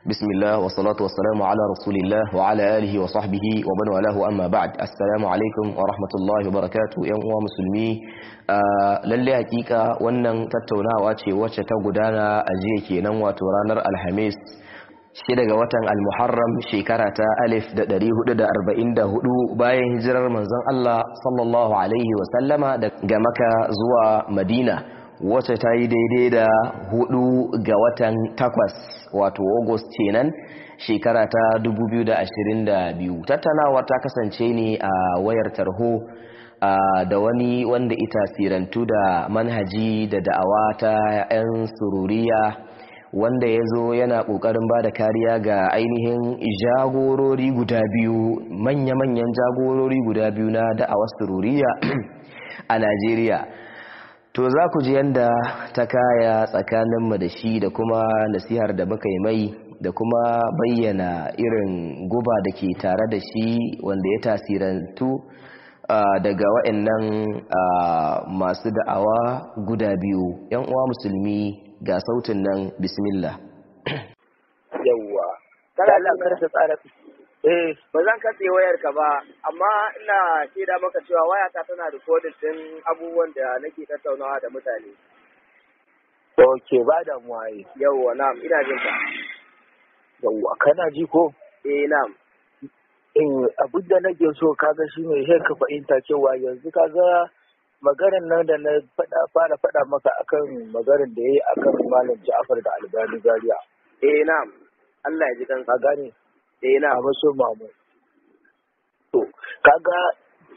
بسم الله والصلاة والسلام على رسول الله وعلى آله وصحبه ومن والاه أما بعد السلام عليكم ورحمة الله وبركاته يا مسلمي lalle hakika wannan tattaunawa ce wacce ta gudana a jiya kenan wato ranar alhamis shi daga watan al-muharram shekara ta alif da ɗari hudu da arba'in da hudu bayan hijirar manzon Allah sallallahu alaihi wasallama daga maka zuwa madina wacce ta yi daidai da hudu ga watan takwas wato august kenan shekara ta 2022 tattalawar ta kasance ne a wayar tarho da wani wanda ita sirantu da manhaji da da'awa ta 'yan sururiya wanda ya zo yana kokarin ba da kariya ga ainihin jagorori guda biyu manya-manyan jagorori guda biyu na da'awar sururiya a najeriya to za ku ji yadda ta kaya tsakaninmu da shi da kuma nasihar da muka yi mai da kuma bayyana irin guba da ke tare da shi wanda ya tasirantu daga waɗannan masu da'awa guda biyu yan uwa musulmi ga sautin nan bismillah yawwa kada Allah kar ta tsara eh ba zan katse wayar ka ba amma ina shaida maka cewa wayata tana recording din abubuwan da nake tattaunawa da mutane ok ba da mu yawwa na'am ina jin ka yawwa kana ji ko eh na'am eh abin da nake so kaga ne, sai ka fahimta cewa yanzu kaga maganar nan da na fara faɗa maka akan maganar da yayi akan malam Ja'far da Albani Zaria eh na'am Allah ya ji kansa gane da yana A so mamu to kaga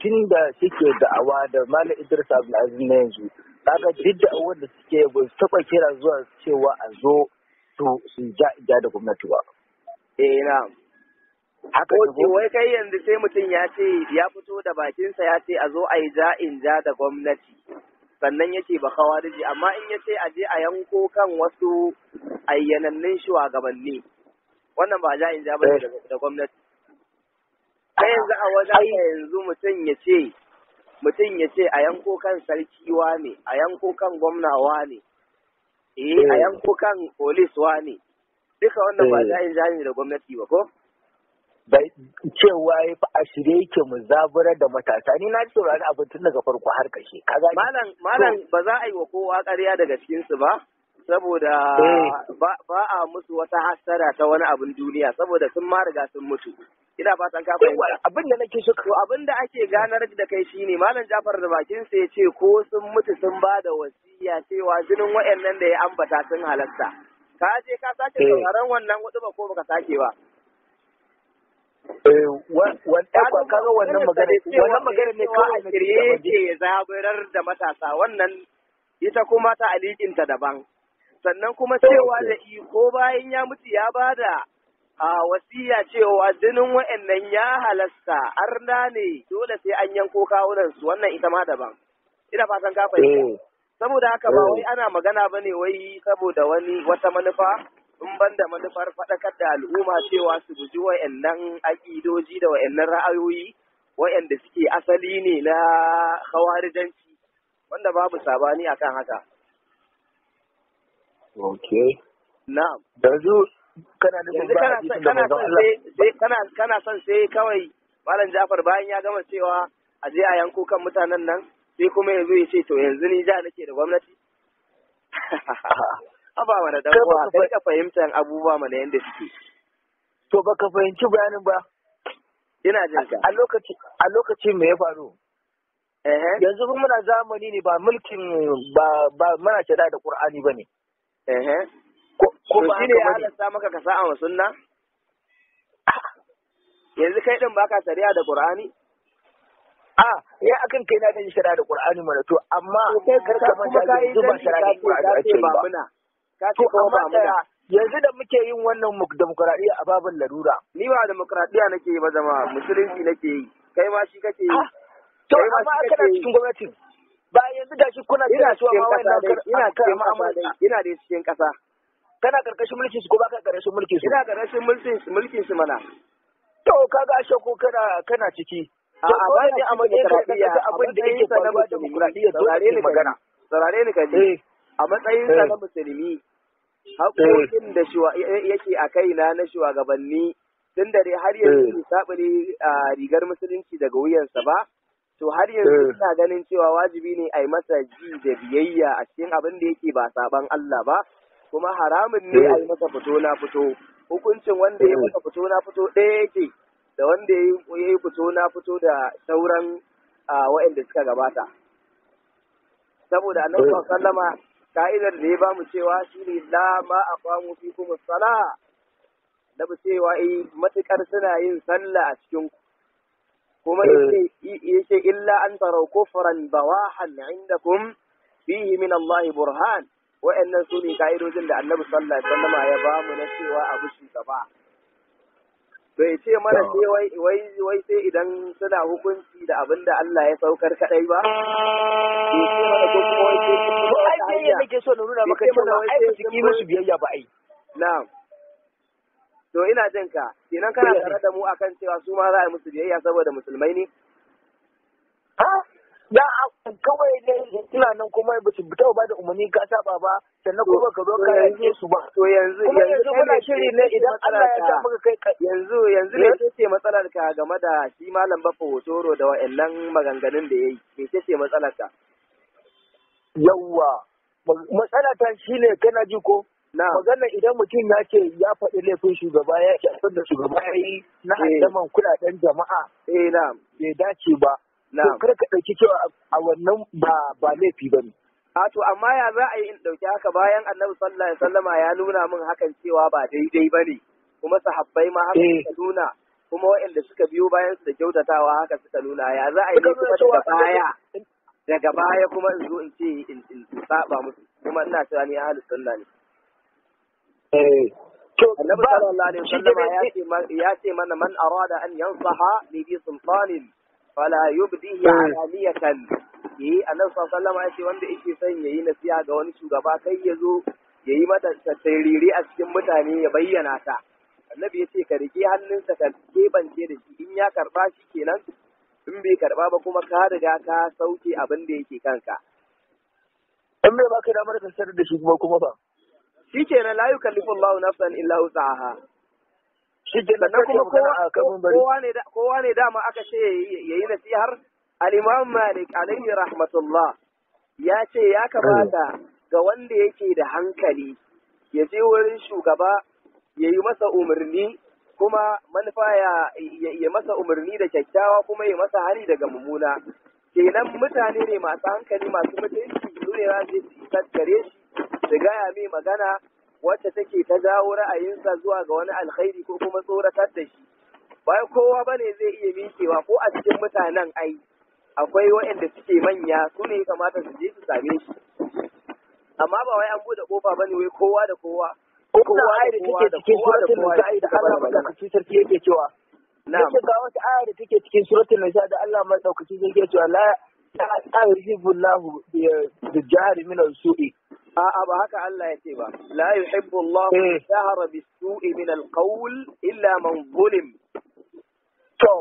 tun da suke da'awa da Malam Idris Abdulaziz na yanzu kaga duk da'awar da suke ba su taba kira zuwa cewa a zo to su ja ja da gwamnati ba eh na haka ne wai kai yanzu sai mutum ya ce ya fito da bakinsa ya ce a zo a yi ja in ja da gwamnati sannan yake ba kawariji amma in ya ce a je a yanko kan wasu ayyanannin shugabanni wannan ba ja'in ja ba eh. da gwamnati Ta yanzu a wajen yanzu mutum ya ce mutum ya ce a yanko kan sarki ne, a yanko kan gwamna ne, eh a eh. yanko kan polis ne, duka wannan ba eh. ja'in ja ne da gwamnati ba ko cewa ya fi a shirye yake mu zabura da matasa ni na ji saurari abin tun daga farko har kashe. malam malam ba za a yi wa kowa ƙarya daga cikinsu ba saboda eh. ba a musu wata hasara ta wani abin duniya saboda sun ma riga sun mutu ina fatan ka fahimta eh, abin da nake so abin da ake ganar da kai shine malam Jafar da bakin sa yace ko sun mutu sun ba da wasiya cewa jinin wayannan da ya ambata sun halarta. ka je ka sake eh. sauraron wannan wadu ba ko baka sake ba wannan magana ne kawai a kirye ke zaburar da matasa wannan ita kuma ta alikinta daban sannan kuma cewa da iko bayan ya mutu ya bada a wasiya cewa jinin wa'annan ya halasta arna ne dole sai an yanko kawunan su wannan ita ma daban ina fatan ka fahimta eh. saboda haka ba eh. wai ana magana bane wai saboda wani wata manufa in ban da manufar faɗakar da al'umma cewa su guji wa'annan aƙidoji da wa'annan ra'ayoyi wa'anda suke asali ne na hawarijanci wanda babu sabani akan haka Na'am. Yanzu kana son sai kawai Malam Jafar bayan ya gama cewa a je a yanko kan mutanen nan sai kuma yanzu ya ce to yanzu ni ja nake da gwamnati. Aba mana dan uwa kai ka fahimtar abubuwa mana yanda suke. To baka fahimci bayanin ba. Ina jin ka. A lokaci a lokaci me ya faru? Eh, eh. Yanzu muna zamani ne ba mulkin ba ba muna shada da Qur'ani bane. eh ko ba ne ya halasta maka ka sa'a wa sunna yanzu kai din baka shari'a da qur'ani a ya akan kai na da shari'a da qur'ani mana to amma kai karka manta da zuba shari'a da qur'ani ake ba muna ka ce ko ba muna yanzu da muke yin wannan demokradiyya a babin larura ni ba demokradiyya nake yi ba zama musulunci nake yi kai ma shi kake yi to amma kana cikin gwamnatin ba yanzu gashi kuna kira su ma ina cikin kasa ina da cikin kasa kana karkashin mulkin su ko baka karkashin mulkin su ina karkashin mulkin mulkin su mana to kaga ashe ko kana kana ciki a ba ni a matsayin demokradiyya abin da yake na ba demokradiya zarare ne magana zarare ne kaje eh. a matsayin sa eh. na musulmi haƙoƙin da yake a kaina na shugabanni tun da har yanzu eh. a rigar musulunci daga wuyansa ba to har yanzu eh. ina ganin cewa wajibi ne a yi masa ji da biyayya a cikin abin da yake ba saban Allah ba kuma haramun ne a yi eh. masa fito na fito hukuncin wanda ya eh. masa fito na fito ɗaya yake da wanda ya yi fito na fito da sauran waɗanda suka gabata saboda annabi sallama ka'idar da ya bamu cewa shine la ma aqamu fi kuma sala da cewa yi matukar suna yin sallah a cikin kuma eh. yace illa an taraw kufran bawahan indakum fihi min Allah burhan wa'annan su ne ka'idojin da annabi sallallahu alaihi wasallama ya ba mu na cewa abu shugaba bai ce mana sai wai wai sai idan suna hukunci da abin da Allah ya saukar kadai ba bai ce mana ko kuma wai sai kuma ai sai yake so na nuna maka cewa ai ba su biyayya ba ai na'am To ina jin ka, kenan kana tare da mu akan cewa su ma za a yi musu biyayya saboda musulmai ne? Ya kawai ne ina nan kuma ba su fita ba da umarni ka saba ba sannan kuma ka zo ka yanzu su ba. To yanzu yanzu kana shiri ne idan Allah ya ta maka kai yanzu yanzu ne ce ce matsalar ka game da shi malam Baffa Hotoro da wa'annan maganganun da yayi me ce ce matsalar ka? Yawwa matsala ta shine kana ji ko Maganar idan mutum ya ce ya faɗi laifin shugaba ya ce abin da shugaba ya yi na eh. addaman kudaden jama'a. Eh na. Bai dace ba. Na. Kar ka ɗauki cewa a wannan ba laifi ba ne. to amma ya za a yi in ɗauki haka bayan annabi sallallahu alaihi wasallama ya nuna min hakan cewa ba daidai ba ne. Kuma sahabbai ma haka eh. suka nuna. Kuma waɗanda suka biyo bayan su da kyautatawa haka suka nuna ya za a yi kuma daga baya. Daga baya kuma in zo in ce in saba musu kuma ina cewa ni ahlus sunna ne. Eh, Annabi sallallahu ya ce mana man arada an saha li bi sultanin fala yubdihi eh. alaniyatan. Eh Annabi sallallahu alaihi ya ce wanda yake son yayi nasiha ga wani shugaba kai ya zo ya yi mata tattariri a cikin mutane ya bayyana ta. Annabi ya ce ka rike hannunsa ka kebance da shi in ya karba shi kenan in bai karba ba kuma ka riga ka sauke abin da yake kanka. In bai baka damar ka da shi kuma kuma ba. shi kenan la yukallifu Allahu nafsan illa wus'aha shikenan kuma kowa ne kowa ne dama aka ce ya yi nasihar al Malik alayhi rahmatullah ya ce ya kamata ga wanda yake da hankali ya je wurin shugaba ya yi masa umarni kuma manufa ya yi masa umarni da kyakkyawa kuma ya masa hali daga mummuna kenan mutane ne masu hankali masu mutunci su ne za su gare shi su mai magana wacce take ta jawo ra'ayinsa zuwa ga wani alkhairi ko kuma tsoratar da shi ba kowa ba ne zai iya mikewa ko a cikin mutanen ai akwai waɗanda suke manya su ne kamata su je su same shi amma ba wai an bude kofa ne wai kowa da kowa kowa da kowa da kowa da kowa da da da kowa da kowa cewa kowa da kowa da kowa da take cikin da kowa da da kowa da kowa da la yuhibbu Allahu al min al-su'i a'a ba haka Allah ya ce ba la yuhibbu Allahu eh. al-jahra bis-su'i min al-qawl illa man zulim to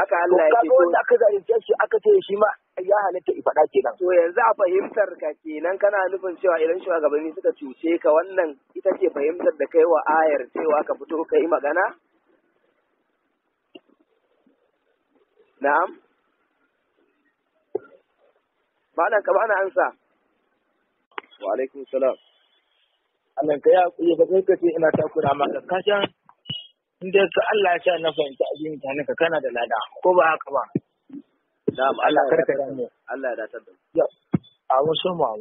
haka Allah ya ce to wanda aka zalunce shi aka ce shi ma ya halatta i faɗa kenan to yanzu a fahimtar ka kenan kana nufin cewa idan shugabanni suka cuce ka wannan ita ce fahimtar da kai wa ayar cewa ka fito ka yi magana na'am malam ka bana ansa wa alaikum salam Allah ka ya kuye ba kai kace ina takura maka ka san inda ka Allah ya sa na fahimta abin ka, naka kana da lada ko ba haka ba na'am Allah karka rame Allah ya datar da mu a wasu mu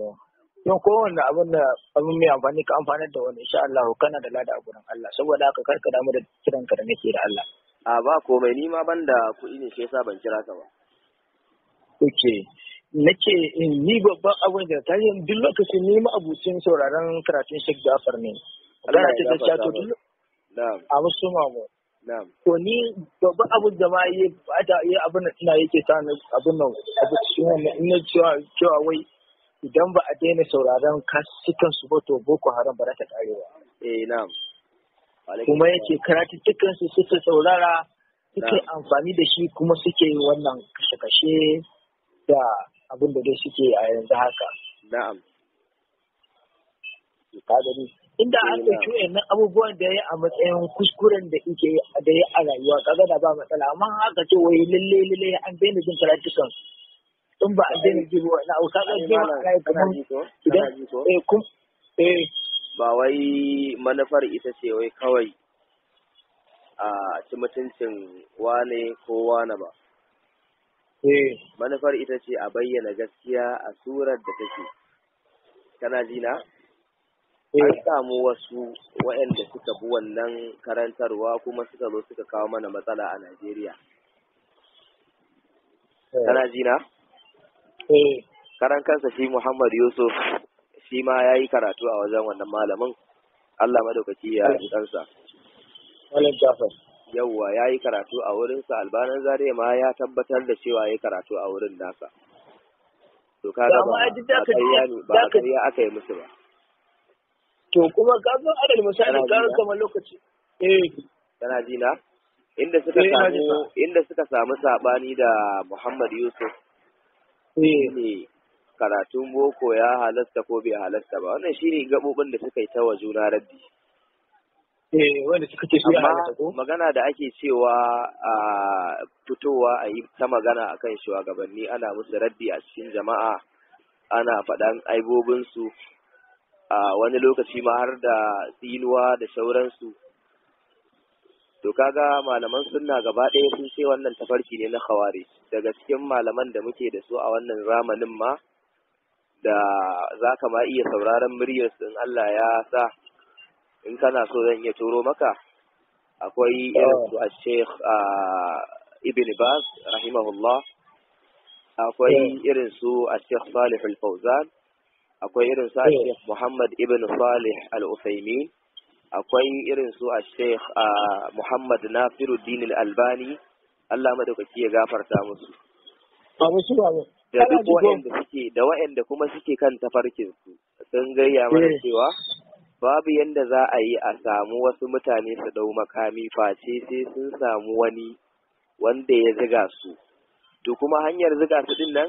don kowanne abin da abin mai amfani ka amfanar da wani insha Allah kana da lada a gurin Allah saboda haka karka damu da kiran ka da nake da Allah a ba komai ni ma banda kuɗi ne sai sa ban kira ka ba okay nake ni babban abin da ta yi duk lokacin ni ma'abucin sauraron karatun Sheikh Jafar ne. Allah ta tabbata to duk a musu mamu. To ni babban abin da ma yi bata yi abin da tana yake ta abin nan abu cikin wannan ina cewa cewa wai idan ba a daina sauraron kasukan su ba to Boko Haram ba ta kare ba. Eh na'am. Kuma karatu dukkan su suka saurara suke amfani da shi kuma suke wannan kashe-kashe da abin da dai suke a yanzu haka. Na'am. gani inda an eh, ɗauki nan, abubuwan da ya a matsayin kuskuren da ike da ya a rayuwa kaga da ba matsala amma haka ce wai lalle lalle an daina jin karatukan in ba a daina jin wa na auka ga jin karatukan idan eh kun eh ba wai manufar ita ce wai kawai a ci mutuncin wane ko wane ba Eh, manufar ita ce a bayyana gaskiya a surar da take kana ji na eh. an samu wasu waɗanda suka bi wannan karantarwa kuma suka zo suka kawo mana matsala a Najeriya eh. kana ji na karan kansa shi Muhammad Yusuf shi ma ya yi karatu a wajen wannan malamin Allah madaukaki ya yi kansa. Malam Jafar. yawwa ya yi karatu a wurinsa albanan zare ma ya tabbatar da cewa ya yi karatu a wurin nasa to ka ga ba a kariya aka yi musu ba to kuma ka zo adal misali karar kamar lokaci eh kana ji na inda suka eh, samu inda suka samu sabani da Muhammad Yusuf eh. ne karatun boko ya halasta ko bai halasta ba wannan shine gabobin da suka yi ta wa juna raddi Eh, magana da ake cewa a fitowa a yi ta magana a akan shugabanni ana musu raddi a cikin jama'a ana faɗan aibobinsu a wani lokaci ma har da tsinuwa da sauransu to kaga malaman sunna gaba ɗaya sun ce wannan tafarki ne na khawari daga cikin malaman da muke da su a wannan zamanin ma da za ka ma iya sauraron muryarsu in Allah ya sa in kana so zan iya turo maka akwai irin oh. su al-sheikh ibn baz rahimahullah akwai eh. irin su a sheikh salih al-fawzan akwai irin su a eh. sheikh muhammad ibn salih al-usaimin akwai irin su a sheikh muhammad nasiruddin al-albani Allah madaukaki ya gafarta musu da duk waɗanda suke da waɗanda kuma suke kan tafarkin su sun gayya mana eh. cewa babu yadda za a yi a samu wasu mutane su ɗau makami face sai sun samu wani wanda ya ziga su to kuma hanyar ziga su din nan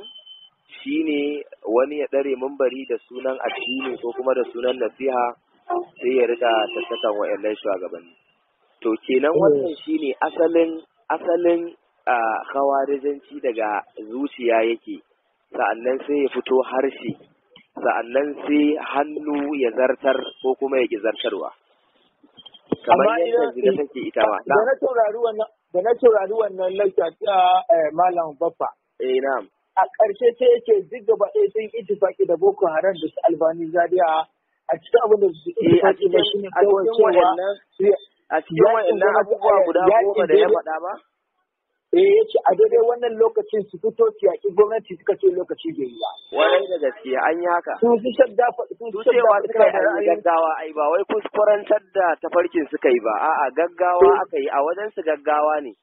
shine wani ya ɗare mambari da sunan addini ko kuma da sunan nasiha sai ya riga tattakan wa'annan shugabanni to kenan mm. wannan shine asalin asalin a hawarijanci daga zuciya yake sa'annan sai ya fito harshe sa'annan sai hannu ya zartar ko kuma ya ki zartarwa kamar yadda zira take ita ma da na taurari wannan da na taurari eh, malam baffa eh na'am a ƙarshe ce yake duk gaba ɗaya sun ittifaki da boko haram da su albani zaria a cikin abin da su eh, ittifaki da shi ne kawai cewa a cikin wa'annan abubuwa guda goma da ya faɗa ba eh ya ce a daidai wannan lokacin su fito su yaƙi gwamnati suka ce lokaci bai yi ba. Wani da gaskiya an yi haka. Sun fi shadda sun suka yi ra'ayin gaggawa ai ba wai kuskurantar da tafarkin suka yi ba a'a gaggawa aka yi a wajen su gaggawa ne.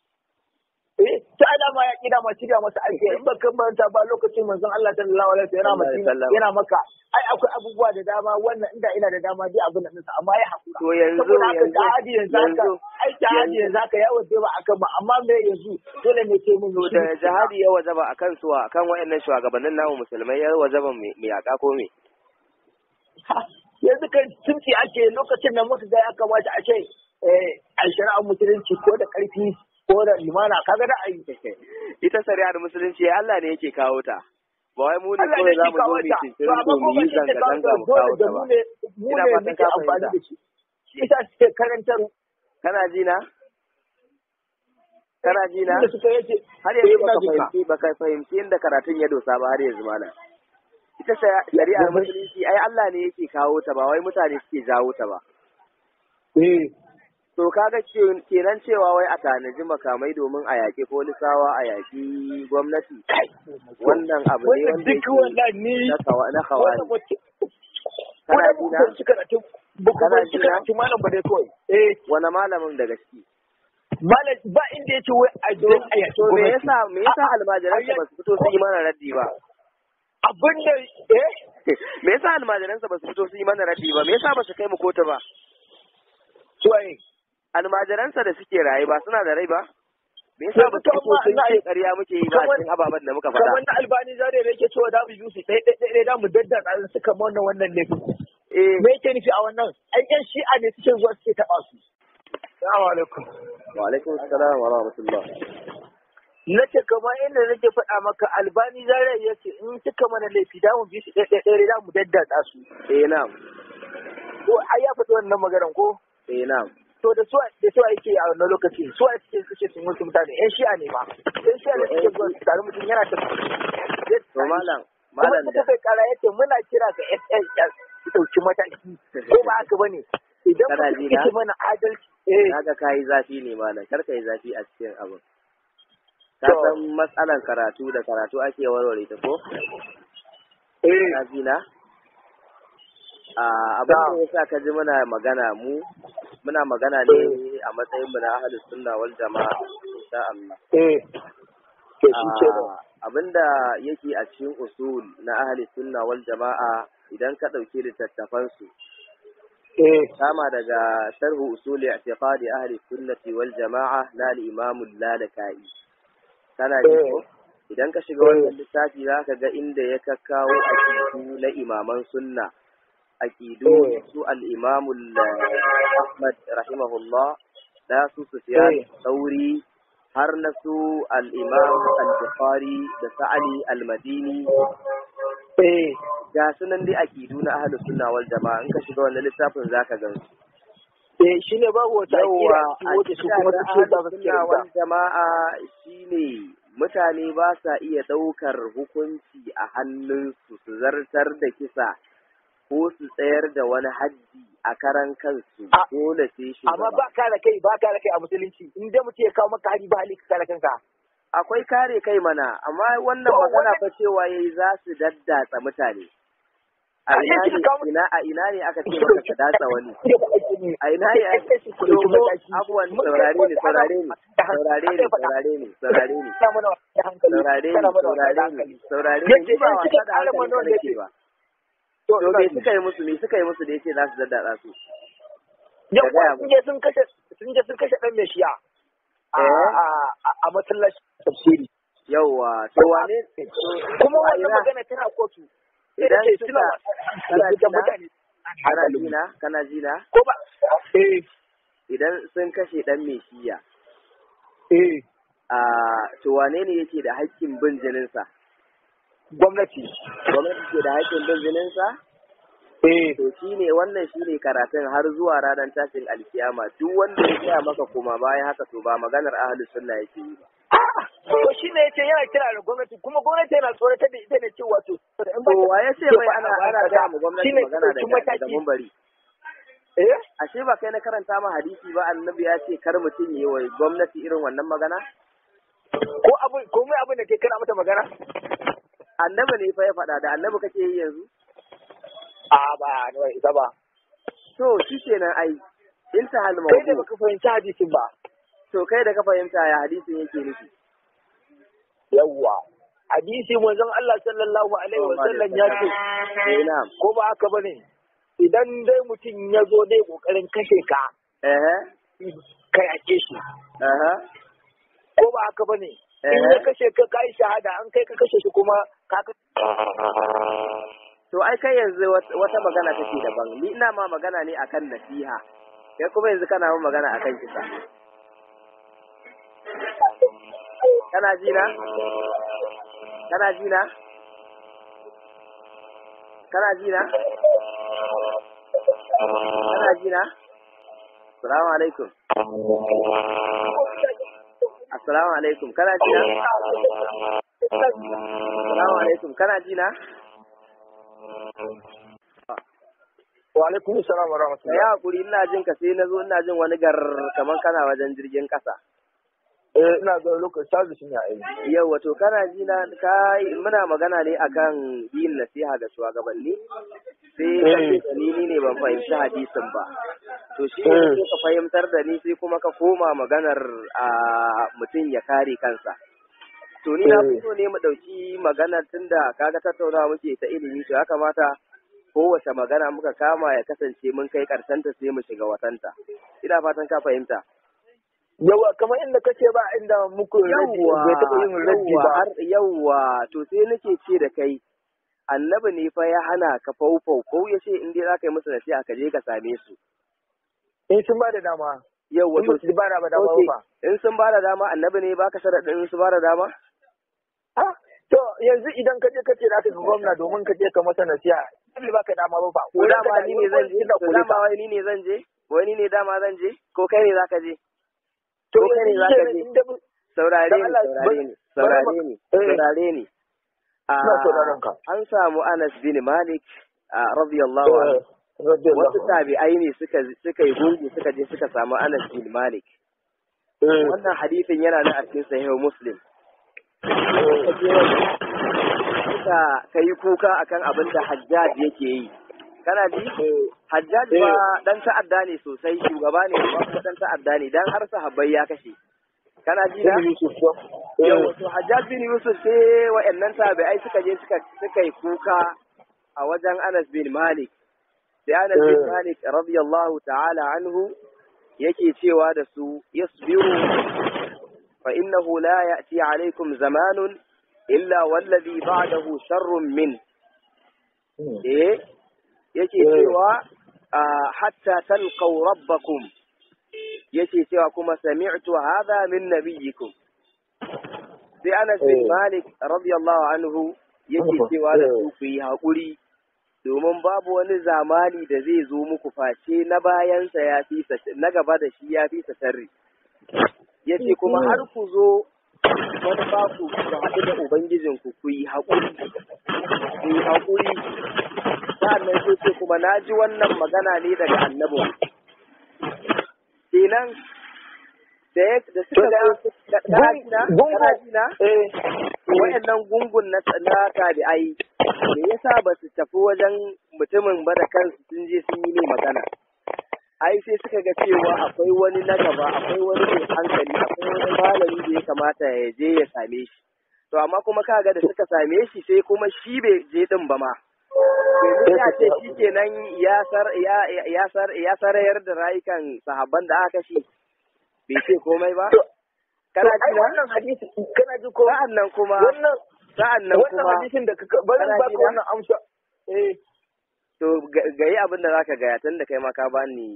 eh ta dama ya kida ma shirya masa aiki in baka manta ba lokacin manzon Allah sallallahu alaihi wasallam yana maka ai akwai abubuwa da dama wannan inda ina da dama dai abin nan amma ya hakura to yanzu yanzu da hadi yanzu haka ai da hadi yanzu ka, ya waje ba akan ba amma me yanzu dole ne ke mun da jihadi ya waje ba akan su akan wayannan shugabannin namu musulmai ya waje ba mai yaka ko me yanzu kan tunti ake lokacin da musu da ya kamata a ce eh, a shari'ar musulunci ko da karfi ko da limana kaga da ayi ita shari'ar musulunci Allah ne yake kawo ta ba wai mu ne kawai za mu zo mu cincin mu yi zanga zanga mu kawo ta ba ina fatan ka fahimta ita ce karantar kana ji na kana ji na har yanzu baka fahimci baka fahimci inda karatun ya dosa ba har yanzu mana ita shari'ar musulunci ai Allah ne yake kawo ta ba wai mutane suke jawo ta ba eh To kaga kenan cewa wai a tanaji makamai domin a yaƙi polisawa a yaƙi gwamnati. Wannan abu ne wanda yake na kawani. Kana jina? Kana jina? Eh. Wani malamin da gaske? ba inda ya ce wai a don a yaƙi gwamnati. Me yasa me yasa almajiransa ba su fito su yi mana raddi ba? Abin da eh me yasa almajiransa ba su fito su yi mana raddi ba? Me yasa ba su kai mu kotu ba? Suwaye. almajiransa da suke rayuwa ba suna da rai ba me yasa ba su fito sun ce ƙarya muke yi ba cikin ababen da muka faɗa wannan albani zare da yake cewa da mu yusu ɗaya ɗaya ɗaya da mu dadda tsarin su kamar wannan ne eh me yake nufi a wannan ai yan shi'a ne suke zuwa suke taɓa su assalamu alaikum wa alaikum assalam wa rahmatullah na ce kamar inda nake faɗa maka albani zare yake in suka mana laifi da mu bi su ɗaya ɗaya da mu daddan su eh na'am ko ai ya faɗi wannan maganar ko eh na'am to da su da su ake a wannan lokaci su a cikin suke sun mutu mutane yan shi'a ne ma yan shi'a ne suke zuwa tare mutum yana ta to malam malam da kai kara yace muna kira ga SSS su dauki mataki ko ba haka bane idan ba su kike mana adalci eh kaga kai zafi ne malam kar kai zafi a cikin abin ka san matsalan karatu da karatu ake warware ta ko eh na ah, abin da yasa ka ji muna magana mu muna magana ne eh. a matsayin mu na ahlus sunna wal jama'a insha Allah eh ah, abinda yake a cikin usul na ahlus sunna wal jama'a idan ka dauki littattafan su eh. kama daga sharhu usul i'tiqad ahli sunnati wal jama'a na al-imam al-lalakai kana ji eh. idan ka shiga wannan littafi zaka ga inda ya kakkawo akidu na imaman sunna aqidu su al-imam Ahmad rahimahullah na su Sufyan sauri har na su al al-Bukhari da Sa'ali al-Madini eh ga sunan dai aqidu na ahlus suna wal jama'a in ka shiga wannan littafin zaka gan su eh shine babu wata aqida wacce su kuma su ce ba gaskiya mutane ba sa iya ɗaukar hukunci a hannunsu su zartar da kisa ko su tsayar da wani haddi a karan kansu ko na sai shi amma ba kare kai ba da kai a musulunci inda mutum ya kawo maka haddi ba halika kare kanka akwai kare kai mana amma wannan magana fa cewa yayi za su daddatsa mutane a ina a ina ne aka ce maka ka datsa wani a ina ne aka ce abuwan saurare ne saurare ne saurare ne saurare ne saurare ne saurare ne saurare ne saurare ne ne, ne, ne, ne, ne, ne, ne, ne, ne, ne, saurare ne saurare ne ba To me suka yi musu me suka yi musu da yace za su daddatsa su. Yawa sun je sun kashe sun je sun kashe dan mai shiya. A eh? masallaci tafsiri. Yawa to wane kuma wannan magana tana kotu. Idan suna da mutane kana jina kana jina ko ba eh idan sun kashe dan mai shiya. Eh. Ah, to wane ne yake da haƙƙin bin jininsa? gwamnati gwamnati ke da haƙƙin bin sa eh to shine wannan shine karatun har zuwa ranar tashin alkiyama duk wanda ya tsaya maka koma bayan haka to ba maganar suna sunna yake yi ba to shi ne yake yana kira da gwamnati kuma gwamnati yana tsoratar da ita ne cewa to to wa ya ce mai ana ana da mu gwamnati magana da da mun bari eh ashe ba kai na karanta ma hadisi ba annabi ya ce kar mutum yi wa gwamnati irin wannan magana ko abu ko mai abin da ke kana mata magana annabi ne fa ya faɗa da annabi kake yi yanzu a ba ni ba ita ba to shi kenan ai inta hal mawdu kai da baka fahimta hadisin ba to kai da ka fahimta ya hadisin yake nufi yawwa hadisi manzon Allah sallallahu alaihi wa sallam ya ce eh, ko ba haka bane idan dai mutum ya zo dai kokarin kashe ka eh ka yake shi ko ba haka bane Eh. in ya kashe ka kai shahada an kai ka kashe shi kuma ka to ai kai yanzu wata magana take daban ni ina ma magana ne akan nasiha kai kuma yanzu kana ma magana akan kisa kana ji na kana ji na kana ji na kana ji na salamu alaikum Salamu alaikum, kana ji na? Salamu alaikum, kana ji na? Wa alaikum salam wa rahmatullahi. Ya kuri ina jin ka sai na zo? ina jin wani gar kaman kana wajen jirgin kasa. Eh ina ga lokacin shi ne aiki. Yau wato kana ji na kai muna magana ne akan yin nasiha ga shugabanni sai ka eh. ni ne ban fahimci hadisin ba to shi eh. ne ka fahimtar da ni sai kuma ka koma maganar a mutum ya kare kansa to ni na eh. fito ne mu ɗauki maganar tunda kaga tattaunawa muke ta ilimi to ya kamata kowace magana muka kama ya kasance mun kai karshenta sai mu shiga watanta ina fatan ka fahimta yawa kamar inda kace ba inda muku bai to sai nake ce da kai annabi ne fa ya hana ka faufau ya ce in dai za ka yi musu nasiha ka je ka same su in eh, sun ba da dama yau wato sun ba da dama ba in sun ba da dama annabi ne ba baka sharadin in sun ba da dama Ha? to yanzu idan ka je ka ce za ka ga gwamna domin ka je ka masa nasiha sai da dama ba ko dama ni ne zan je ko dama ni ne zan je wani ne dama zan je ko kai ne za ka je to kai ne za ka je saurare ne saurare ne saurare ne eh. saurare ne Ah, an samu Anas bin Malik ah, radiyallahu eh, anhu. Wasu tabi'ai ne suka yi gungu suka je suka samu Anas bin Malik. Eh. Wannan hadithin yana da a cikin sahihu Muslim. Eh. Suka kai kuka akan abin da Hajjaj yake yi. Kana ji? Hajjaj ba dan ta'adda ne sosai, shugaba ne kuma dan ta'adda ne dan har sahabbai ya kashe. kana ji na eh. to hajjaj bin yusuf sai wa'annan tabi'ai suka je suka suka yi kuka a wajen anas bin malik sai anas bin eh. malik radiyallahu ta'ala anhu yake cewa da su yasbiru fa innahu la ya'ti alaikum zamanun illa wallazi ba'dahu sharrun min hmm. eh yake eh. cewa ah, hatta talqaw rabbakum Yace cewa kuma sami'tu hadha min nabiyyikum sai Anas bin eh. Malik radiyallahu anhu yake cewa da su eh. ku yi haƙuri domin babu wani zamani da zai zo muku face na sa ya fi na gaba da shi ya fi sarri yace kuma har ku zo wani baku ku haɗu da ubangijin ku yi haƙuri ku yi hakuri sannan sai kuma na ji wannan magana ne daga annabin kenan da ya da suka ga garajina eh. gungun na ayi, me yasa ba su tafi wajen mutumin ba da kansu sun je sun yi ne magana ai sai suka ga cewa akwai wani na gaba akwai wani mai hankali akwai wani malami da ya kamata ya je ya same shi to amma kuma kaga da suka same shi sai kuma shi bai je din ba ma ya ce shi nan ya sarayar da rayukan sahabban da aka shi bai ce komai ba kana ji wannan hadisi kana ji ko sa'an kuma sa'an kuma hadisin da bari ba ka wannan amsa eh to gayi abin da zaka gaya tun da kai ma ka bani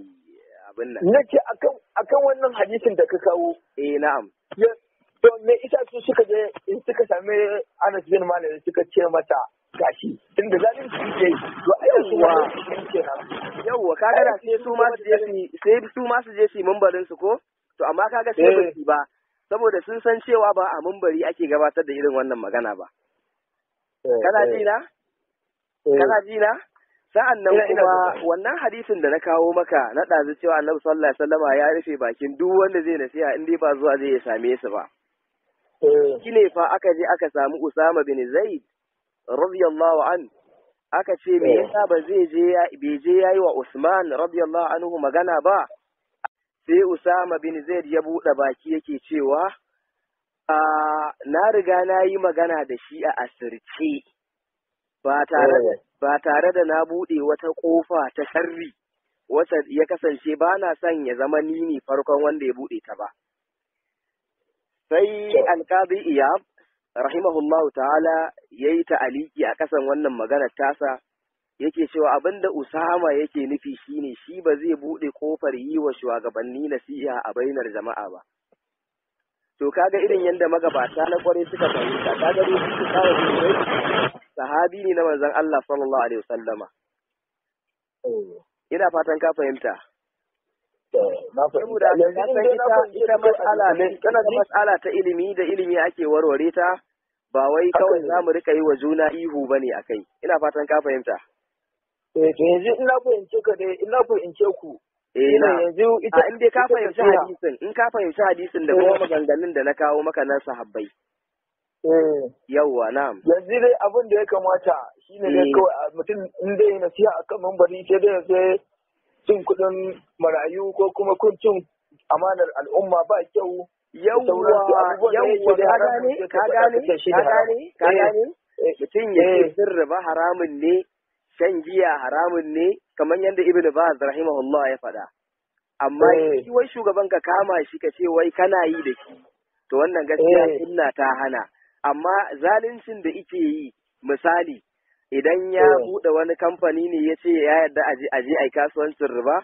abin nan nace akan akan wannan hadisin da ka kawo eh na'am to me isa su suka je in suka same Anas bin Malik suka ce mata gashi inda zalunci ke yi to a yau kuma yauwa kaga da sai su ma su je su sai su ma su je su mambarin su ko to amma kaga sai ba ba saboda sun san cewa ba a mambari ake gabatar da irin wannan magana ba eh, kana eh. ji na eh. kana ji na sa'an nan kuma wannan hadisin da na kawo maka na ɗazu cewa annabi sallallahu alaihi wasallama ya rufe bakin duk wanda zai nasiha in dai ba zuwa zai ya same su ba ne fa aka je aka samu Usama bin Zaid radiyallahu an aka ce me eh. yasa ba zai je ya bai je yayi wa Usman radiyallahu anhu magana ba sai Usama bin Zaid ya bude baki yake cewa a na riga na yi magana da shi a asirce ba tare eh. ba tare da na bude wata ƙofa ta sharri wata ya kasance ba na son ya zama ni ne farkon wanda ya bude ta ba sai alkazi iyab rahimahullahu ta'ala ya yi ta'aliki a ƙasan wannan maganar tasa yake cewa abin da Usama yake nufi shine shi ba zai buɗe ƙofar yi wa shugabanni nasiha a bainar jama'a ba. To kaga irin yadda magabata na kwarai suka fahimta kaga ne su kawo sahabi ne na manzon Allah sallallahu alaihi wasallama. Oh. Ina fatan ka fahimta. saboda ita ita mas'ala ne mas'ala ta ilimi da ilimi ake warware ta ba wai kawai za mu rika yi wa juna ihu ba ne a kai ina fatan ka fahimta eh to yanzu ina fahimce ka dai ina fahimce ku eh na yanzu ita in dai ka fahimci hadisin in ka fahimci hadisin da kuma eh. maganganun da na kawo maka nan sahabbai eh yawwa na'am yanzu dai abin da ya kamata shine ne eh. kawai mutum in dai nasiha akan mambari sai dai sai cin kuɗin marayu ko kuma cin amanar al'umma ba kyau yawwa yawwa ka gane ka gane ka eh, gane ka eh, gane mutum ya ce sirri eh. ba haramun ne shan giya haramun ne kamar yadda ibn baz rahimahullah ya faɗa amma shi wai shugaban ka kama shi ka ce wai kana yi da shi to wannan gaskiya sunna ta hana amma zaluncin da ike yi misali idan ya eh. buɗe wani kamfani ne ya ce ya yarda a je a kasuwancin riba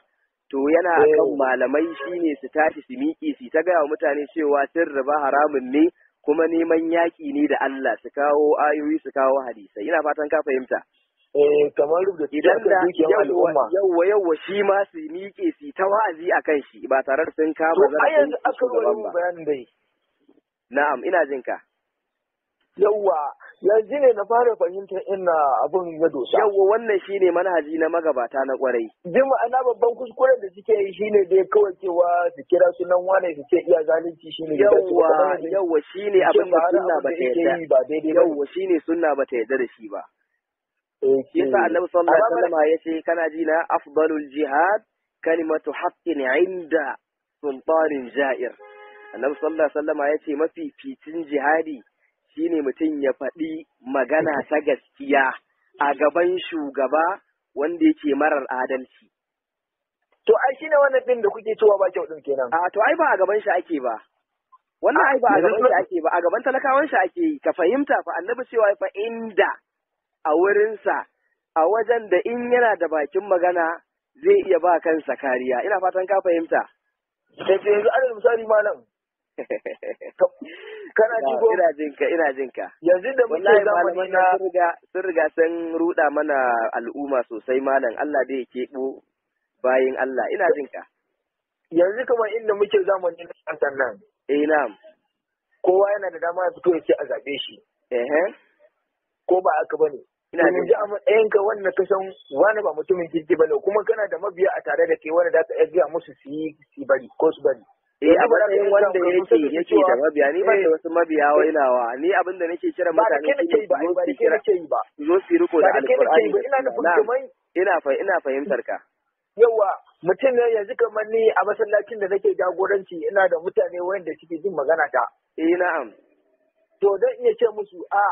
to yana eh. kan malamai shine su tashi su miƙe su ta gaya wa mutane cewa cin riba haramun ne kuma neman yaƙi ne da Allah su kawo ayoyi su kawo hadisai ina fatan ka fahimta eh, idan da yawwa yawwa shi ma su miƙe su ta wa'azi a kan shi ba tare da sun kama zarafin shugaban ba na'am ina jin ka. yawwa yanzu ne na fara fahimtar ina abin ya dosa yawwa wannan shine manhaji na magabata na kwarai jima ana babban kuskure da suke yi shine dai kawai cewa su kira sunan wane su ce iya zalunci shine yawwa yawwa shine abin da sunna ba ta yarda yawwa shine sunna ba ta yarda da shi ba yasa annabi sallallahu alaihi wasallam ya ce kana ji na afdalul jihad kalimatu haqqin inda sultanin ja'ir annabi sallallahu alaihi wasallam ya ce mafi fitin jihadi shine mutum ya faɗi magana ta gaskiya a gaban shugaba wanda yake marar adalci. To ai shi ne wannan ɗin da kuke cewa ba kyau din kenan. A to ai ba a gaban shi ake ba. Wannan ai ba a ah, gaban shi ake ba, a gaban talakawan shi ake yi. Ka fahimta fa annabi cewa fa inda a wurinsa a wajen da in yana da bakin magana zai iya ba kansa kariya. Ina fatan ka fahimta. Sai eh, yanzu alal misali malam kana ji ko ina jin ka ina jin ka yanzu da muke zamani na sun riga sun riga sun ruda mana al'umma sosai malam Allah da ya kebo bayin Allah ina jin ka yanzu kamar inda muke zamani na santan nan eh na. kowa yana da dama ya fito ya ce a zabe shi eh ko ba aka ne? ina jin ji a matsayin ka wannan ka san wani ba mutumin kirki bane kuma kana da mabiya a tare da ke wani za ka iya musu su yi bari ko su bari Eh a matsayin wanda yake yake da mabiya ni ba eh, da wasu mabiya eh. wainawa ni abin da nake kira mutane shi ne ba ba ke nake yi ba zo su riko da alqur'ani ina nufin kaman ina fa ina fahimtar ka yawa mutum ne yanzu kamar ni a masallacin da nake jagoranci ina da mutane wanda suke jin magana ta eh na'am to dan iya ce musu a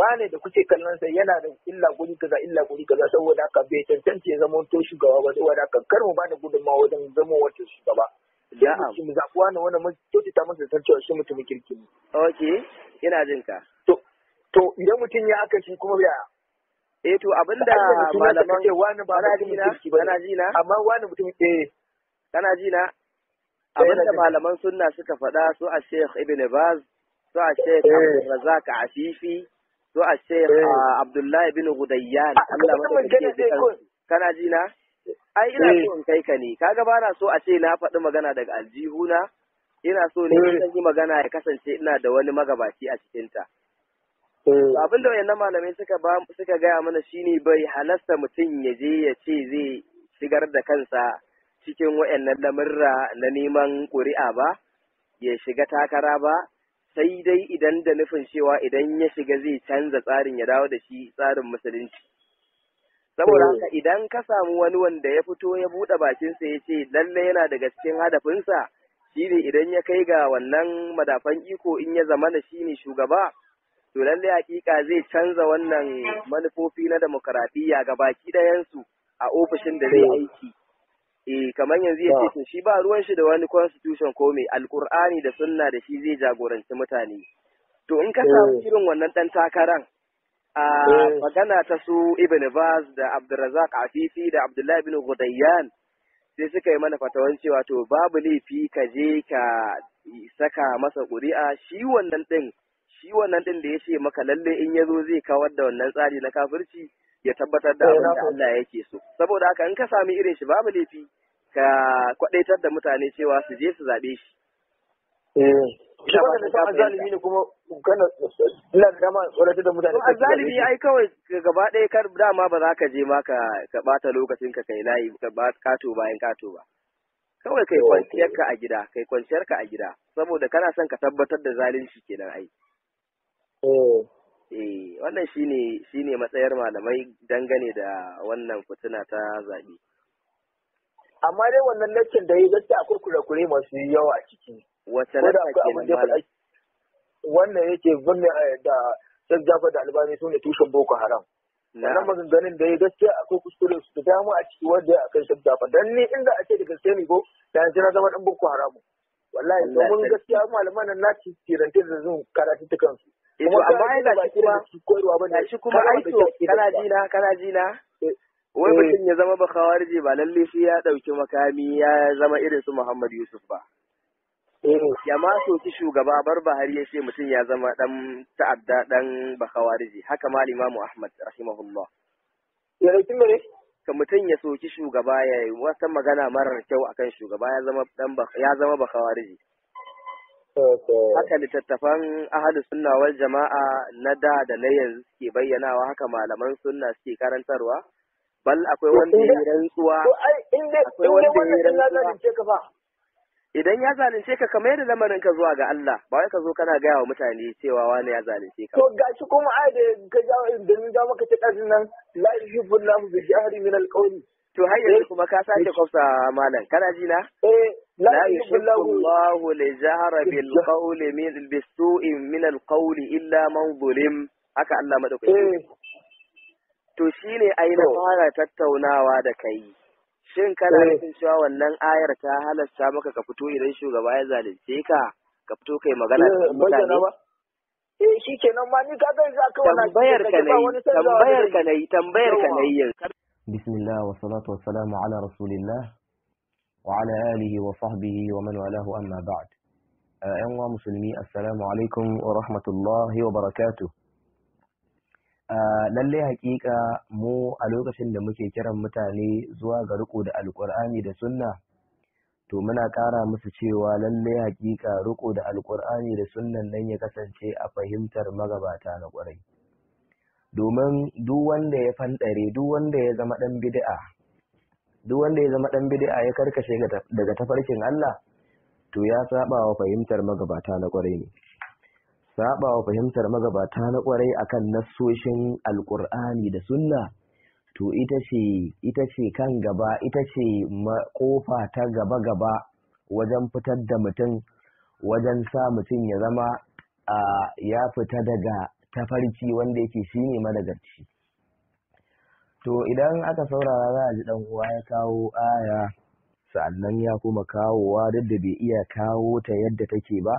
wane da kuke kallon sai, yana da illa guri kaza illa guri kaza saboda haka bai tantance zaman to shugaba ba saboda haka kar mu bada gudunmawa wajen zama wata shugaba sai mu zaɓi wani wani mun kyautata masa san cewa shi mutumin kirki ne. Ok, ina jin ka. To, idan mutum ya aka shi kuma ya Eh to abinda malaman wani ba na ji na kana ji na amma wani mutum eh kana ji na abinda malaman sunna suka faɗa su a Sheikh Ibn Baz su a Sheikh eh. Abdul Razak su a Sheikh eh. ah, Abdullahi bin Gudayyan Allah kana ji na ai ina eh. so in kai ka ne kaga ba na so a ce na faɗi magana daga aljihuna ina so ne eh. in yi magana ya kasance ina da wani magabaci a cikinta eh. abin da wayannan malamai suka suka gaya mana shine bai halasta mutum ya je ya ce zai shigar da kansa cikin wayannan lamurra na neman ƙuri'a ba ya shiga takara ba sai dai idan da nufin cewa idan ya shiga zai canza tsarin ya dawo da shi tsarin musulunci saboda eh. haka idan ka samu wani wanda ya fito ya buɗe bakinsa ya ce lalle yana daga cikin hadafinsa shi ne idan ya kai ga wannan madafan iko in ya zama da ne shugaba to lalle hakika zai canza wannan manufofi na demokaradiyya ga baki ɗayansu a ofishin da zai aiki eh kamar yanzu ya ce shi ba ruwan shi da wani constitution ko mai alkur'ani da sunna da shi zai jagoranci mutane to in ka samu eh. irin wannan ɗan takaran Eh. magana ta su Ibn Baz da Abdulrazak Afifi da Abdullahi bin Gudayyan sai suka yi mana fatawan cewa to babu laifi ka je ka saka masa ƙuri'a shi wannan ɗin shi wannan ɗin da ya ce maka lalle in yazo zai kawar da wannan tsari na kafirci ya tabbatar da abin da eh, Allah yake so saboda haka in ka sami irin shi babu laifi ka kwadaitar da mutane cewa su je su zaɓe shi. Eh. shi na azalimi ne kuma kana ina da dama tsoratar da mutane kai azalimi ai kawai gaba ɗaya kar dama ba za ka je ma ka ɓata lokacin ka kai layi ka ba kato bayan kato ba kawai kai kwanciyar ka a gida kai kwanciyar ka a gida saboda kana son ka tabbatar da zalunci kenan ai eh, eh wannan shine shine matsayar malamai dangane da wannan fitina ta zaɓe amma dai wannan lakin da ya a akwai kure masu yawa a ciki Wace Wannan yake binne eh, da sai jafa da Albani su ne tushen Boko Haram. Nan maganganun da ya gaskiya akwai kuskure su da mu a ciki wanda ya kai sai jafa Dan ni inda ake da gaske ne ko da yanzu na zama dan Boko Haram. Wallahi domin gaskiya malaman nan na ci tirante da zun karatu tukan su. Kuma amma ai da shi kuma koyarwa ne Shi kuma ai to kana jina kana jina. Eh, Wai eh. mutum ya zama ba khawarji ba lalle shi ya dauki makami ya zama irin su Muhammad Yusuf ba. ya ma soki shugaba bahari ya ce mutum ya zama dan ta'adda dan bakawariji haka ma limamu ahmad rahimahullah ya dauki mere ka mutum ya soki shugaba ya yi wata magana marar kyau akan shugaba ya zama dan ya zama bakawariji haka littattafan ahadu sunna wal jama'a na da da na yanzu suke bayyanawa haka malaman sunna suke karantarwa bal akwai wanda ya rantsuwa akwai wanda ya rantsuwa idan ya zalunce ka kamar yadda lamarin ka zuwa ga Allah ba wai ka zo kana gaya wa mutane cewa wani ya zalunce ka to gashi kuma ai da ka ja da mun ja maka ta kasin nan la yuhibbu Allahu bi jahri min alqawli to har yanzu eh. kuma ka sake kofsa malam kana ji na eh jahra bil الله min al من min al القول illa man zulim haka Allah madaukaki eh. to shine ai na fara tattaunawa da kai shin kana eh. nufin cewa wannan ayar ta halasta maka ka fito idan shugaba ya zalunce ka ka fito kai magana da eh, mutane eh shi kenan ma ni ka ga za ka wani tambayar ka nayi tambayar ka nayi tambayar ka nayi bismillah wa salatu wa salamu ala rasulillah wa ala alihi wa sahbihi wa man walahu amma ba'd eh, yan wa musulmi assalamu alaikum wa rahmatullahi wa barakatuh A lallai haƙiƙa mu a lokacin da muke kiran mutane zuwa ga riko da alkur'ani da sunna to muna ƙara musu cewa lallai haƙiƙa, riko da alkur'ani da sunnan nan ya kasance a fahimtar magabata na ƙwarai domin duk wanda ya fanɗare duk wanda ya zama ɗan bid'a duk wanda ya zama ɗan bid'a ya karkashe daga tafarkin Allah to ya saba wa fahimtar magabata na ƙwarai ne saba wa fahimtar magabata na kwarai akan nassoshin alkur'ani da sunna to ita ce ita ce kan gaba ita ce kofa ta gaba gaba wajen fitar da mutum wajen sa mutum ya zama ya fita daga tafarki wanda yake ne madagarci to idan aka saurara za a ji dan uwa ya kawo aya sa'annan ya kuma kawowa duk da bai iya kawo ta yadda take ba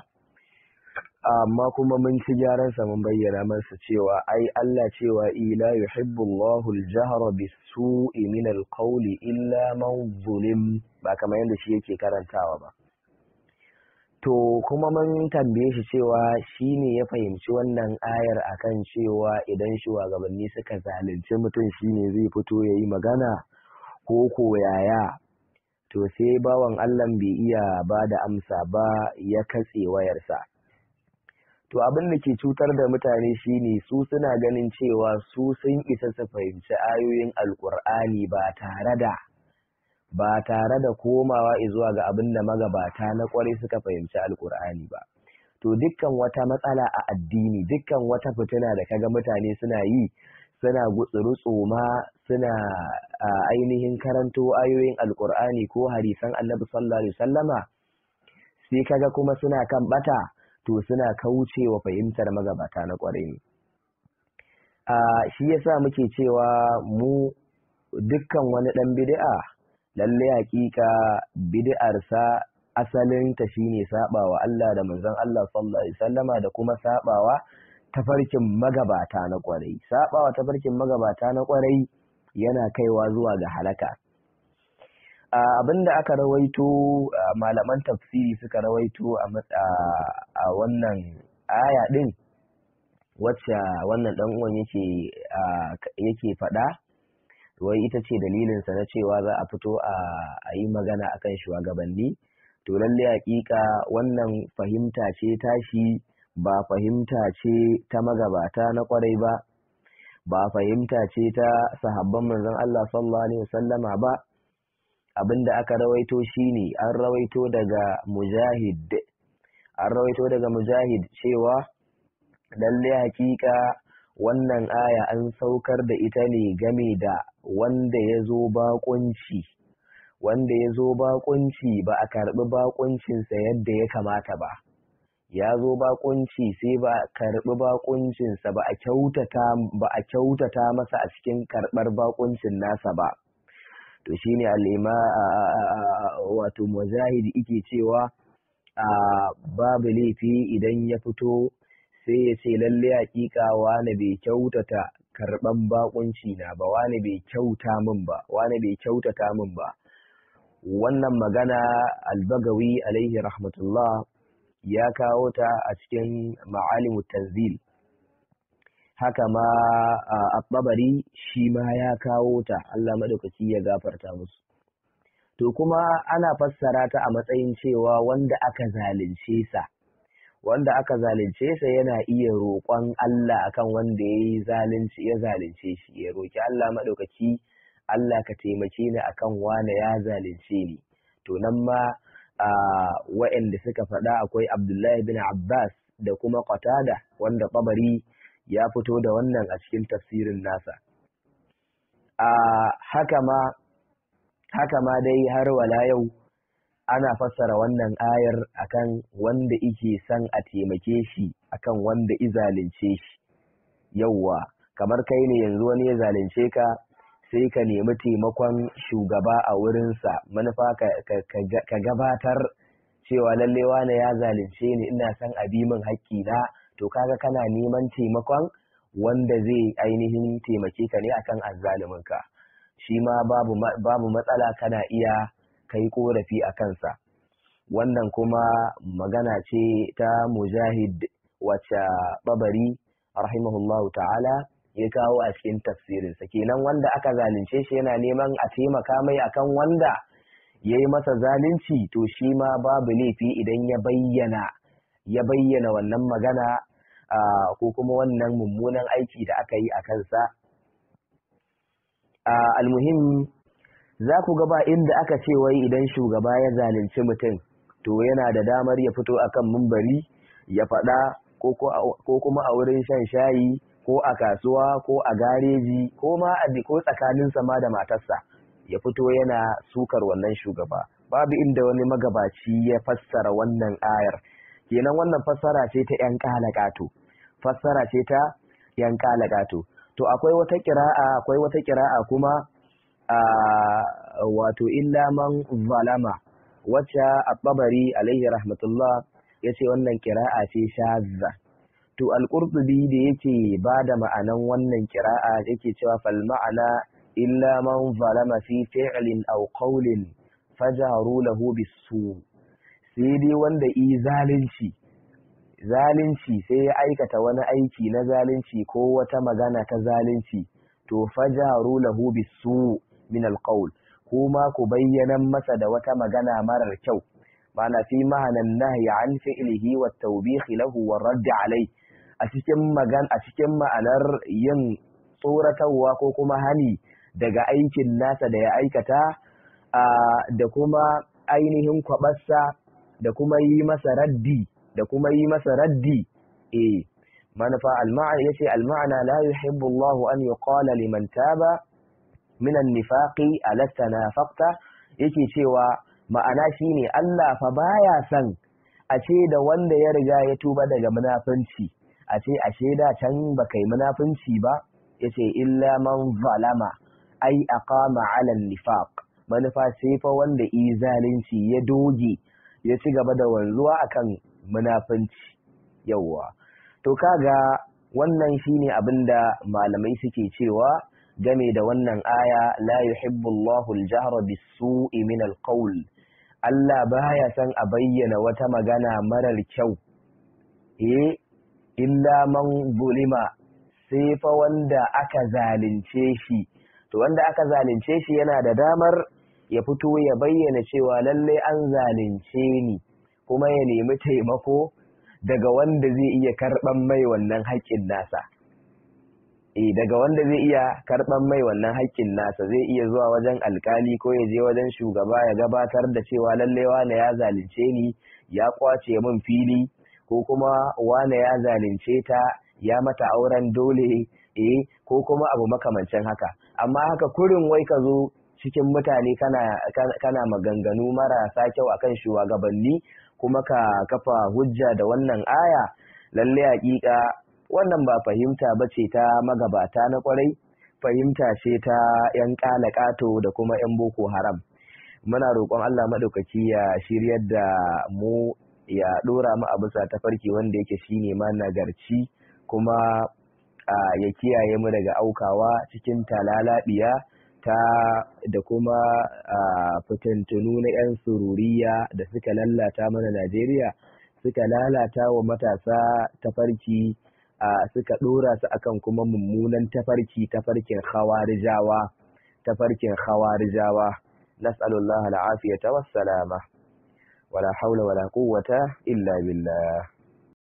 amma kuma mun ci gyaran sa mun bayyana masa cewa ai Allah cewa ila yuhibbu Allahu al-jahra bis-su'i min al illa man zulim ba kamar yadda shi yake karantawa ba to kuma mun tambaye shi cewa shine ya fahimci wannan ayar akan cewa idan shugabanni suka zalunci mutum shine zai fito yayi magana ko koyaya to sai bawan Allah bai iya ba da amsa ba ya katse wayarsa to abin da ke cutar da mutane shine su suna ganin cewa su sun isa su fahimci ayoyin alkur'ani ba tare da ba tare da komawa zuwa ga abin da magabata na kwarai suka fahimci alkur'ani ba to dukkan wata matsala a addini dukkan wata fitina da kaga mutane suna yi suna gutsuru tsoma suna a ainihin karanto ayoyin alkur'ani ko harisan annabi sallallahu alaihi wasallama sai kaga kuma suna kan bata to suna kauce wa fahimtar magabata na kwarai ne a shi yasa muke cewa mu dukkan wani ɗan bid'a lalle hakika bid'arsa asalinta ta shine saɓawa Allah da manzon Allah sallallahu alaihi wasallama da kuma saɓawa tafarkin magabata na kwarai sabawa tafarkin magabata na kwarai yana kaiwa zuwa ga halaka Abin da aka rawaito malaman tafsiri suka rawaito a wannan aya din wacce wannan dan uwan yake yake faɗa wai ita ce dalilin sa na cewa za a fito a yi magana akan shugabanni to lalle hakika wannan fahimta ce tashi ba fahimta ce ta magabata na kwarai ba ba fahimta ce ta sahabban manzon Allah sallallahu alaihi wasallama ba abinda aka rawaito shine an rawaito daga mujahid an rawaito daga mujahid cewa lalle hakika wannan aya an saukar da ita ne game da wanda ya zo baƙunci wanda ya zo bakunci ba a karbi bakuncinsa yadda ya kamata ba ya zo bakunci sai ba a karɓi bakuncinsa ba a kyautata masa a cikin karɓar bakuncin nasa ba to shi ne al'ima wato muzahid ike cewa a babu laifi idan ya fito sai ya ce lalle hakika wani bai kyautata karɓan bakunci na ba wani bai kyauta min ba bai kyautata min ba wannan magana albagawi alaihi rahmatullah ya kawo ta a cikin ma'alimu tanzil haka ma ɓabari shi ma ya kawo ta Allah madaukaki ya gafarta musu to kuma ana fassara ta a matsayin cewa wanda aka zalunce sa wanda aka zalunce sa yana iya roƙon Allah akan wanda ya zalunci ya zalunce shi ya roki Allah madaukaki Allah ka taimake ni akan wane ya zalunce ni to nan ma wa'anda suka faɗa akwai Abdullahi bin Abbas da kuma Qatada wanda ɓabari. ya fito da wannan a cikin tafsirin nasa a haka ma dai har wala yau ana fassara wannan ayar akan wanda ike son a taimake shi akan wanda izalince shi yauwa kamar kai ne yanzu wani ya zalunce ka sai ka nemi taimakon shugaba a wurinsa manufa ka gabatar cewa lalle ne ya zalunce ni ina son a bi min na. to kaga kana neman taimakon wanda zai ainihin taimake ka ne akan azzalumin ka shi ma babu babu matsala kana iya kai korafi a kansa wannan kuma magana ce ta mujahid wacce babari rahimahullahu ta'ala ya kawo a cikin tafsirinsa kenan wanda aka zalunce shi yana neman a taimaka mai akan wanda ya yi masa zalunci to shi ma babu laifi idan ya bayyana ya bayyana wannan magana ko kuma wannan mummunan aiki da aka yi a kansa almuhim za ku gaba inda aka ce wai idan shugaba ya zalunci mutum to yana da damar ya fito akan mumbari ya faɗa ko kuma a wurin shan shayi ko a kasuwa ko a gareji ko ma a ko tsakaninsa ma da matarsa ya fito yana sukar wannan shugaba babu inda wani magabaci ya fassara wannan ayar kenan wannan fassara ce ta yan kalakato fassara ce ta yan to akwai wata ƙira'a akwai wata kuma wato illa man zalama wacce a ɓabari alaihi rahmatullah yace wannan kira'a ce shazza to al da yake ba da ma'anan wannan ƙira'a yake cewa falma'ana ma'ana illa man zalama fi fi'lin aw qawlin fajaru lahu bis-su' sai dai wanda yi zalunci zalunci sai ya aikata wani aiki na zalunci ko wata magana ta zalunci to fajaru lahu bisu min alqaul kuma ku bayyana masa da wata magana marar kyau ma'ana fi ma'anan nahyi an fi'lihi wa tawbihi lahu wa radd alai a cikin magan a cikin ma'anar yin tsoratarwa ko kuma hani daga aikin nasa da ya aikata da kuma ainihin kwabarsa da kuma yi masa raddi da kuma yi masa raddi eh manufa al yace al-ma'ana la yuhibbu Allahu an yuqala liman taba min an-nifaqi alasta nafaqta yake cewa ma'ana shine Allah fa baya san a ce da wanda ya riga ya tuba daga munafunci a ce ashe da can ba kai munafunci ba yace illa man zalama ai aqama ala an-nifaq manufa sai fa wanda i zalunci ya doge ya ci gaba da wanzuwa akan munafunci yawwa to kaga wannan shine abin da malamai suke cewa game da wannan aya la yuhibbullahu Allahu bisu'i jahra min Allah baya san a bayyana wata magana marar kyau eh illa man zulima sai fa wanda aka zalunce shi to wanda aka zalunce shi yana da damar ya fito ya bayyana cewa lalle an zalunce ni kuma ya nemi taimako daga wanda zai iya karban mai wannan haƙƙin nasa e daga wanda zai iya karban mai wannan haƙƙin nasa zai iya zuwa wajen alkali ko ya je wajen shugaba ya gabatar da cewa lalle wane ya zalunce ni ya kwace min fili ko kuma wane ya zalunce ta ya mata auren dole e ko kuma abu makamancin haka amma haka kurin wai ka zo cikin mutane kana, kana maganganu marasa kyau akan shugabanni kuma ka kafa hujja da wannan aya lalle hakika wannan ba fahimta ba ce ta magabata na ƙwarai, fahimta ce ta 'yan ƙato da kuma 'yan boko haram muna roƙon Allah maɗaukaki ya shiryar da mu ya ɗora mu a bisa tafarki wanda yake shine ma nagarci kuma ya kiyaye mu daga aukawa cikin talalabiya ta da kuma fitintunu na 'yan sururiya da suka lalata mana Najeriya suka lalata wa matasa tafarki suka ɗora su akan kuma mummunan tafarki tafarkin hawarijawa tafarkin hawarijawa nas'alullah al'afiyata wassalama wala haula wala quwwata illa billah